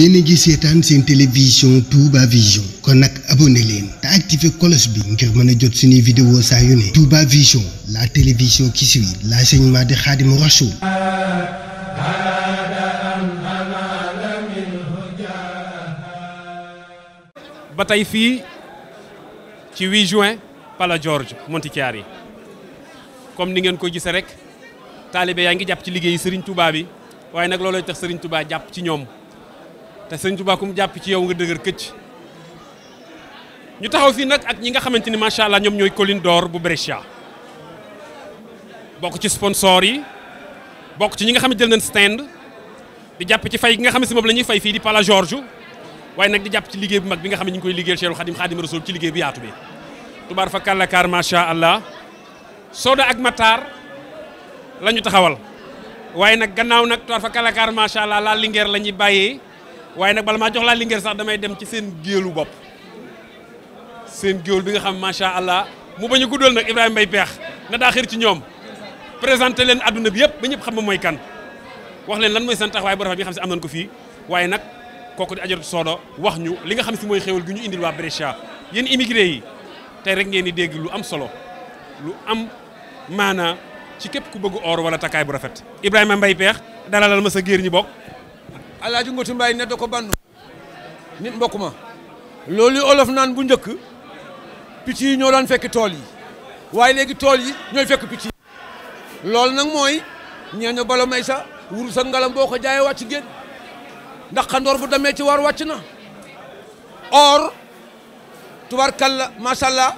yéen a ngi seetaan seen télévision Touba Vision kon nag abonné leen te activé cloche bi ngir mën a jot suñuy vidéo saa yu ne Touba Vision la télévision qui suit l'enseignement de Khadimou Rassoul ba tey fii ci 8 juin Pala George Montichiari comme ni ngeen ko gisee rek taalibe yaa ngi jàpp ci liggéeyu sëriñ Touba bi waaye nag loolooy tax Serigne Touba jàpp ci ñoom te sëñ Tuubaa ku mu jàpp ci yow nga dëgër këcc ñu taxaw fii nag ak ñi nga xamante ni macha allah ñoom ñooy Colline d'Or bu Brescia bokk ci sponsor yi bokk ci ñi nga xam ne jël nañ stand di jàpp ci fay gi nga xam si moom la ñuy fay fii di Pala George waaye nag di jàpp ci liggéey bu mag bi nga xam ne ñu koy liggéeyal Cheikhul Khadim Khadim Rasoul ci liggéey bu yaatu bi tubaar fa kàllakaar macha allah Soda ak Matar lañu taxawal waaye nag gannaaw nag tubaar fa kàllakaar la ñuy bàyyee waaye nag bala maa jox li Linguère sax damay dem ci seen géelu bopp seen géwél bi nga xam macha allah mu bañ ku guddal nag Ibrahima mbay Peex na daa xir ci ñoom présente leen adduna bi yëpp ba ñëpp xam ma mooy kan wax leen lan mooy seen taxawaay bu rafet bi nga xam si am nañ ko fii waaye nag kooku di ajaratu wax ñu li nga xam si mooy xéwal gi ñu indil waa yéen immigré yi tey rek ngeen di dégg lu am solo lu am maanaa ci képp ku bëgg or wala takkaay bu rafet Ibrahima Mbaye Peex dalalal ma sa géer ñi bokk alaaji Ngoti Mbaay ne da ko bandu nit mbokk ma loolu olof naan bu njëkk picc yi ñoo daan fekk tool yi waaye léegi tool yi ñooy fekk picc yi loolu nag mooy ñeeño bala may sa wuru sa ngalam boo ko jaayee wàcc génn ndax xandoor bu demee ci war wàcc na or tubarkalla macha allah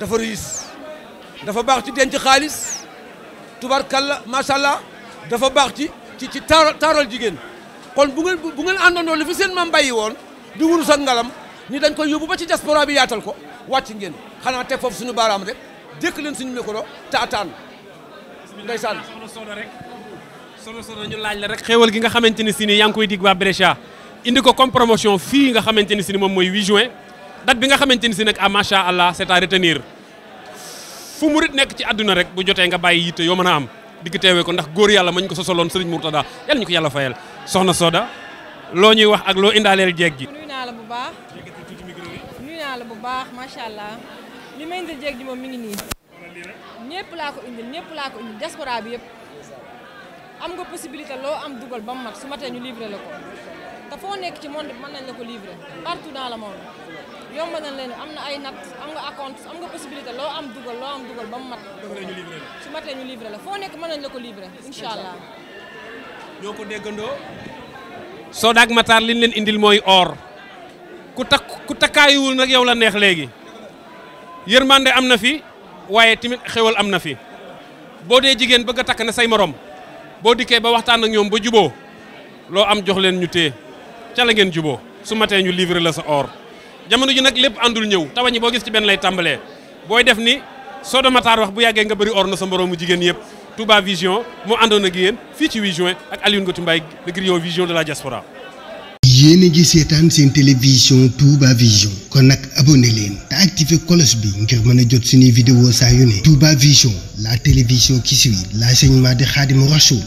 dafa riis dafa baax ci denc xaalis tubarkalla macha allah dafa baax ci ci ci taaral taaral jigéen kon bu ngeen bu ngeen àndandoo li fi seen maam bàyyi woon di wurus ak ngalam ni dañ koy yóbbu ba ci diaspora bi yaatal ko wàcc ngeen xanaa te foofu suñu baaraam rek dékk leen suñu micro taataan ndeysaan sono sono ñu laaj la rek xéewal gi nga xamante ni si yaa ngi koy dig waa Brescia indi ko comme promotion fii nga xamante ni si ni moom mooy 8 juin date bi nga xamante ni si nag ah, macha allah c'est à retenir fu murit nekk ci àdduna rek bu jotee nga bàyyi yitte yoo mën a am digg teewee ko ndax góor yàlla ko sosoloon Serigne Mourtada yàlla ñu ko fayal soxna Soda loo ñuy wax ak loo indaaleel jeeg gi. nuyu naa la bu baax. nuyu naa la bu baax macha allah. li may indil jeeg gi moom mi ngi nii. ñëpp laa ko indil ñëpp laa ko bi yëpp. am nga possibilité loo am dugal ba mu mat su matee ñu livré la ko. te foo nekk ci monde mën nañ la ko livrer partout dans le monde yomb nañ leen am ay nat am nga acompte am su matee ñu livrer la foo nekk mën ko livrer incha allah ñoo ko déggandoo. Soda ak Matar leen indil mooy or. ku takk ku takkaayuwul nag yow la neex léegi yërmande am na fi waaye tamit xewal am na fi boo dee jigéen bëgg a takk na say morom boo dikkee ba waxtaan ak ñoom ba juboo loo am jox leen ñu téye ca la juboo su matee ñu livrer la sa or. jamono ji nag lépp àndul ñëw tawañi boo gis ci benn lay tàmbalee booy def ni soo de mataar wax bu yàggee nga bari or na sa moroomu jigéen yëpp. Touba Vision moo àndoon ak yéen fii ci 8 juin ak Alioune Goty Mbaye le griot vision de la diaspora yéen a ngi seetaan seen télévision Touba Vision kon nag abonné leen te activé cloche bi ngir mën a jot suñuy vidéo saa yu ne Touba Vision la télévision qui suit l'enseignement de Khadimou Rassoul